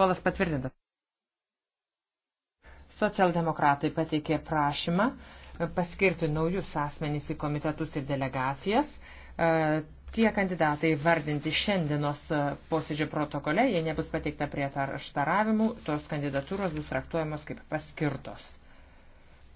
Kolas patvirtinta. Socialdemokratai pateikė prašymą e, paskirti naujus asmenys į komitetus ir delegacijas. E, tie kandidatai vardinti šiandienos e, posėdžio protokole, jei nebus pateikta prie tarštaravimų, tos kandidatūros bus traktuojamos kaip paskirtos.